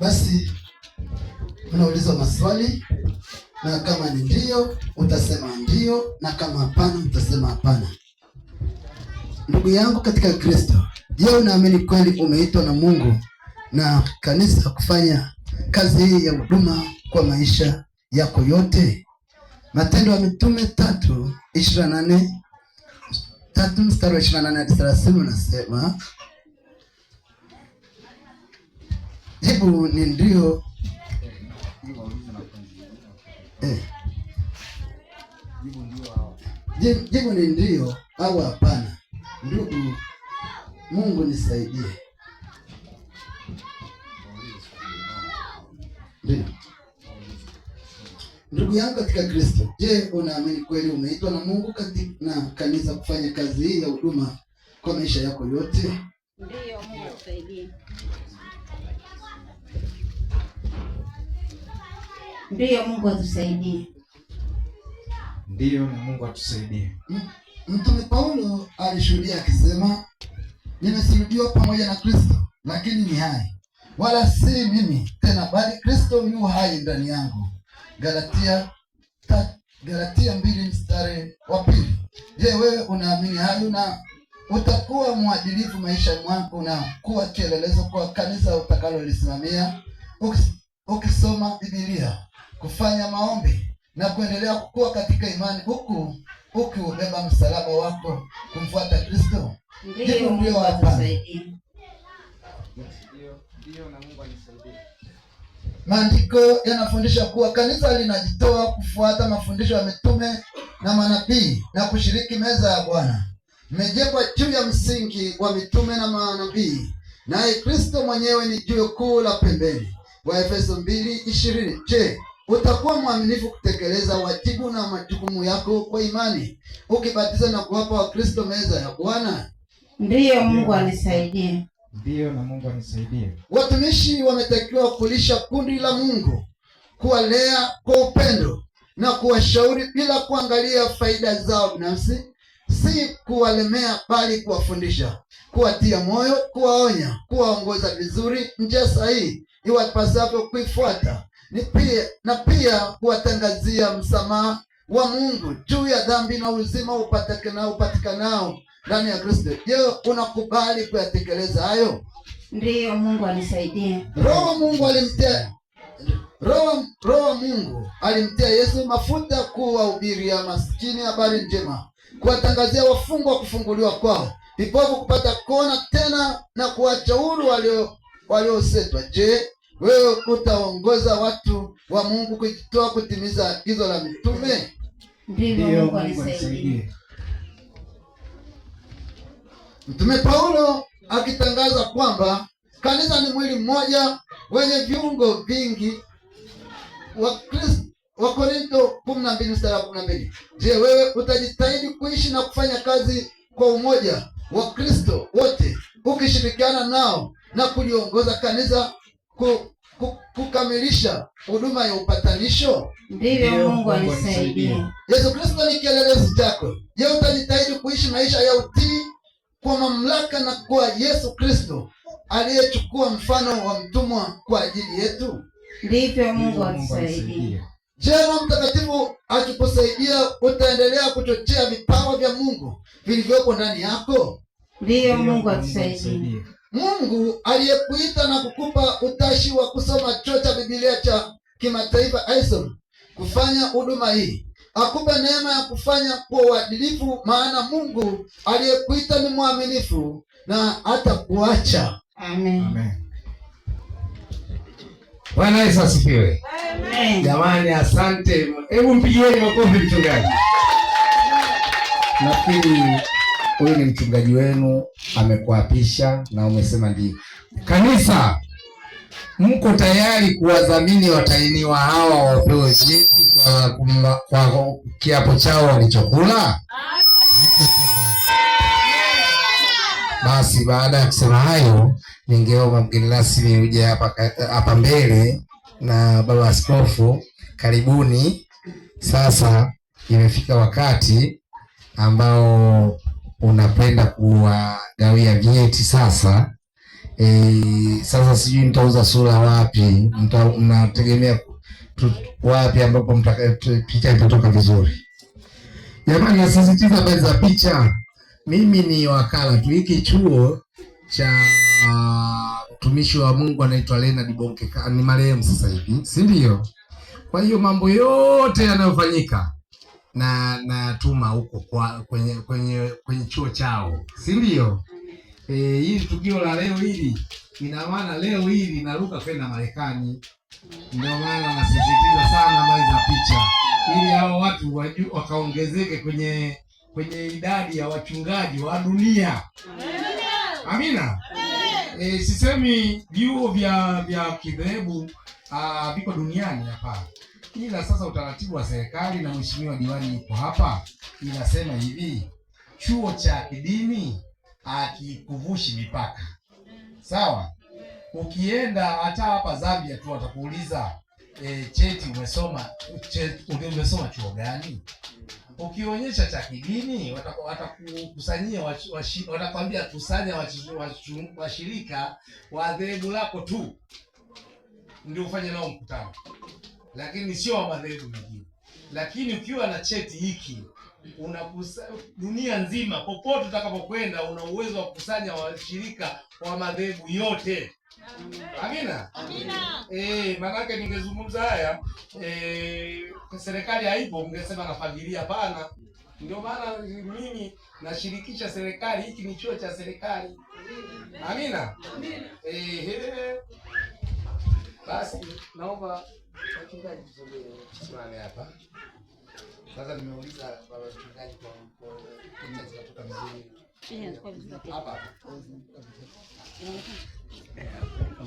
Basi unaulizwa maswali na kama ni ndio utasema ndio, na kama hapana utasema hapana. Ndugu yangu katika Kristo, je, unaamini kweli umeitwa na Mungu na kanisa kufanya kazi hii ya huduma kwa maisha yako yote? Matendo ya Mitume tatu ishirini na nane tatu mstari wa ishirini na nane hadi thelathini unasema Hebu ni ndio eh. jibu ni ndio au hapana. Ndugu, Mungu nisaidie. ndugu yangu katika Kristo, je, unaamini kweli umeitwa na Mungu katika na kanisa kufanya kazi hii ya huduma kwa maisha yako yote? Ndiyo, Mungu nisaidie. Ndiyo, Mungu atusaidie. Ndiyo, na Mungu atusaidie. Mtume Paulo alishuhudia akisema, nimesulubiwa pamoja na Kristo, lakini ni hai, wala si mimi tena, bali Kristo yu hai ndani yangu. Galatia ta, Galatia mbili mstari wa pili. Je, wewe unaamini hayo na utakuwa mwadilifu maisha mwako na kuwa kielelezo kwa kanisa utakalolisimamia ukisoma Biblia kufanya maombi na kuendelea kukua katika imani, huku ukiubeba msalaba wako kumfuata Kristo. Ndio, ndio hapa. Maandiko yanafundisha kuwa kanisa linajitoa kufuata mafundisho ya mitume na manabii na kushiriki meza ya Bwana. Mmejengwa juu ya msingi wa mitume na manabii, naye Kristo mwenyewe ni jiwe kuu la pembeni. Waefeso mbili ishirini. Je, Utakuwa mwaminifu kutekeleza wajibu na majukumu yako kwa imani, ukibatiza na kuwapa Wakristo meza ya Bwana. Ndiyo, Mungu anisaidie. Ndiyo, na Mungu anisaidie. Watumishi wametakiwa kulisha kundi la Mungu, kuwalea kwa upendo na kuwashauri bila kuangalia faida zao binafsi, si kuwalemea, bali kuwafundisha, kuwatia moyo, kuwaonya, kuwaongoza vizuri njia sahihi iwapasavyo kuifuata ni pia na pia kuwatangazia msamaha wa Mungu juu ya dhambi na uzima upatikanao upatikanao ndani ya Kristo. Je, unakubali kuyatekeleza hayo? Ndiyo, Mungu anisaidie. Roho Mungu alimtia Roho Roho Mungu alimtia Yesu mafuta kuwahubiria maskini habari njema, kuwatangazia wafungwa kufunguliwa kwao, vipofu kupata kuona tena, na kuwacha huru walio waliosetwa. Je, wewe utaongoza watu wa Mungu kujitoa kutimiza agizo la mitume? Ndiyo, Mungu Mtume Paulo akitangaza kwamba kanisa ni mwili mmoja wenye viungo vingi, Wakorintho 12:12. Je, wewe utajitahidi kuishi na kufanya kazi kwa umoja wa Kristo wote ukishirikiana nao na kuliongoza kanisa ku kukamilisha huduma ya upatanisho. Ndivyo Mungu alisaidia. Yesu Kristo ni kielelezo chako. Je, utajitahidi kuishi maisha ya utii kwa mamlaka na kwa Yesu Kristo aliyechukua mfano wa mtumwa kwa ajili yetu? Ndivyo Mungu alisaidia. Je, Roho Mtakatifu akikusaidia utaendelea kuchochea vipawa vya Mungu vilivyoko ndani yako? Ndivyo Mungu alisaidia. Mungu aliyekuita na kukupa utashi wa kusoma chuo cha Biblia cha kimataifa ISOM, kufanya huduma hii akupe neema ya kufanya kwa uadilifu, maana Mungu aliyekuita ni mwaminifu na hatakuacha. Amen. Amen. Bwana Yesu asifiwe. Amen. Jamani, asante. Hebu mpigieni makofi mchungaji. Lakini huyu ni mchungaji wenu amekuapisha na umesema ndio. Kanisa, mko tayari kuwadhamini watainiwa hawa wapewe vyeti kwa, kwa kiapo chao walichokula? Basi baada ya kusema hayo, ningeomba mgeni rasmi uje hapa hapa mbele na baba askofu. Karibuni. Sasa imefika wakati ambao unakwenda kuwagawia vyeti sasa. E, sasa sijui nitauza sura wapi, mnategemea wapi ambapo picha itatoka vizuri? Jamani, nasisitiza habari za picha. Mimi ni wakala tu, hiki chuo cha mtumishi uh, wa Mungu anaitwa Leonard Bonkeka, ni marehemu sasa hivi, si ndio? Kwa hiyo mambo yote yanayofanyika na natuma huko kwa kwenye kwenye kwenye chuo chao, si ndio? E, hili tukio la leo hili, ina maana leo hili naruka kwenda Marekani. Ndio maana nasisitiza sana mali za picha, ili hao watu waju, wakaongezeke kwenye kwenye idadi ya wachungaji wa dunia. Amina. E, sisemi vyuo vya vya kidhehebu ah, viko duniani hapa ila sasa utaratibu wa serikali na mheshimiwa diwani yuko hapa, inasema hivi, chuo cha kidini akikuvushi mipaka, sawa. Ukienda hata hapa Zambia tu watakuuliza e, cheti umesoma cheti, umesoma chuo gani? Ukionyesha cha kidini watakusanyia, watakwambia kusanya washirika wa dhehebu lako tu ndio ufanye nao mkutano lakini sio wa madhehebu mengine. Lakini ukiwa na cheti hiki unakusa dunia nzima, popote utakapokwenda, una uwezo wa kukusanya washirika wa madhehebu yote. Amina, amina. Eh, ningezungumza haya eh, serikali haipo, mngesema nafagilia pana. Ndio maana mimi nashirikisha serikali, hiki ni chuo cha serikali. Amina, amina. Eh, basi naomba wachungaji tusogee tusimame hapa. Sasa nimeuliza baba mchungaji kwa kwa zinatoka mzuri. Hapa.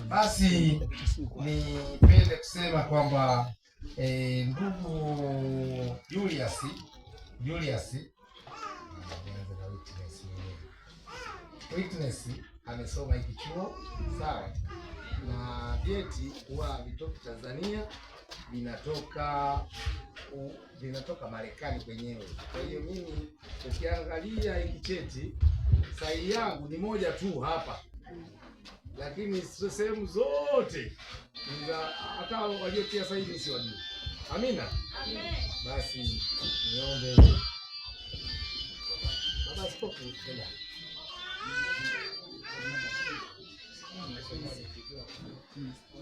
Basi nipende kusema kwamba eh, ndugu Julius Julius Witness amesoma hiki chuo sawa na vyeti huwa havitoki Tanzania, vinatoka vinatoka Marekani kwenyewe. Kwa hiyo mimi ukiangalia hiki cheti sahihi yangu ni moja tu hapa, lakini sehemu zote, hata waliotia sahihi wajui. Amina, amen. Basi niombe baba Askofu Mm.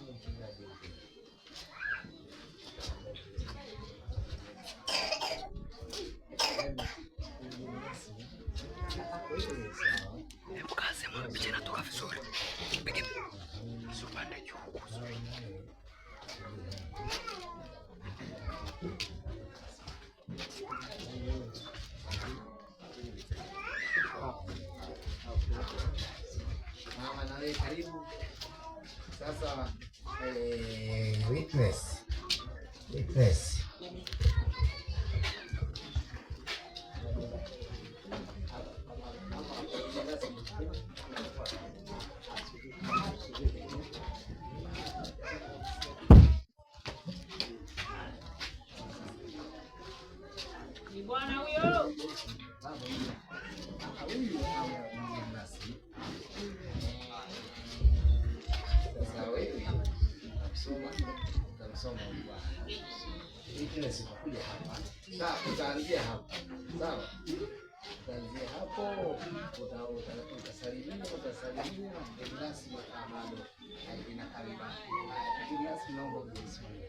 Sawa, kuanzia hapo utasalimia, utasalimia Ignasi Makabado ina kariba Ignasi, naomba usimame.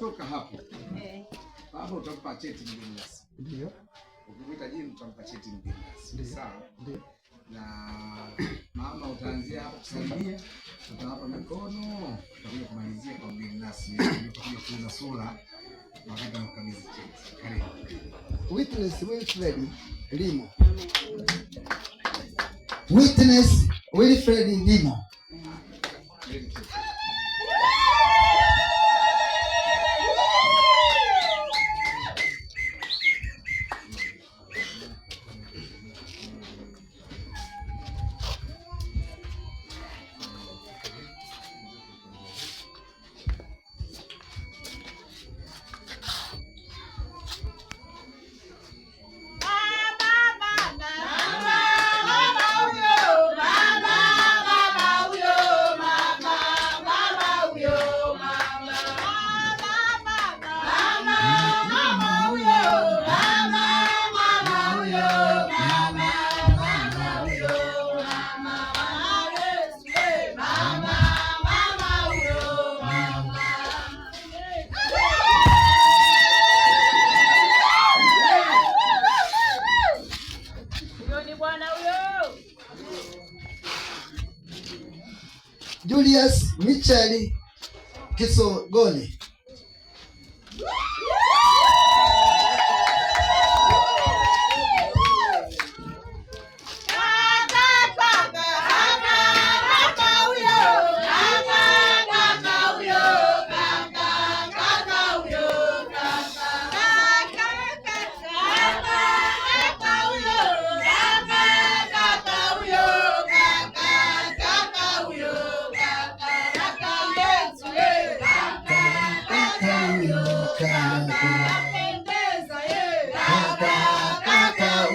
unatoka hapo eh, hapo utampa cheti mgeni rasmi. Ndio, ukimwita jini utampa cheti mgeni rasmi, sawa? Ndio. Na mama, utaanzia hapo kusalimia, utawapa mikono, utakuja kumalizia kwa mgeni rasmi, utakuja kuuza sura wakati wa cheti. Karibu Witness Wilfred Limo. Witness Wilfred Limo. Julius Michael Kisogoni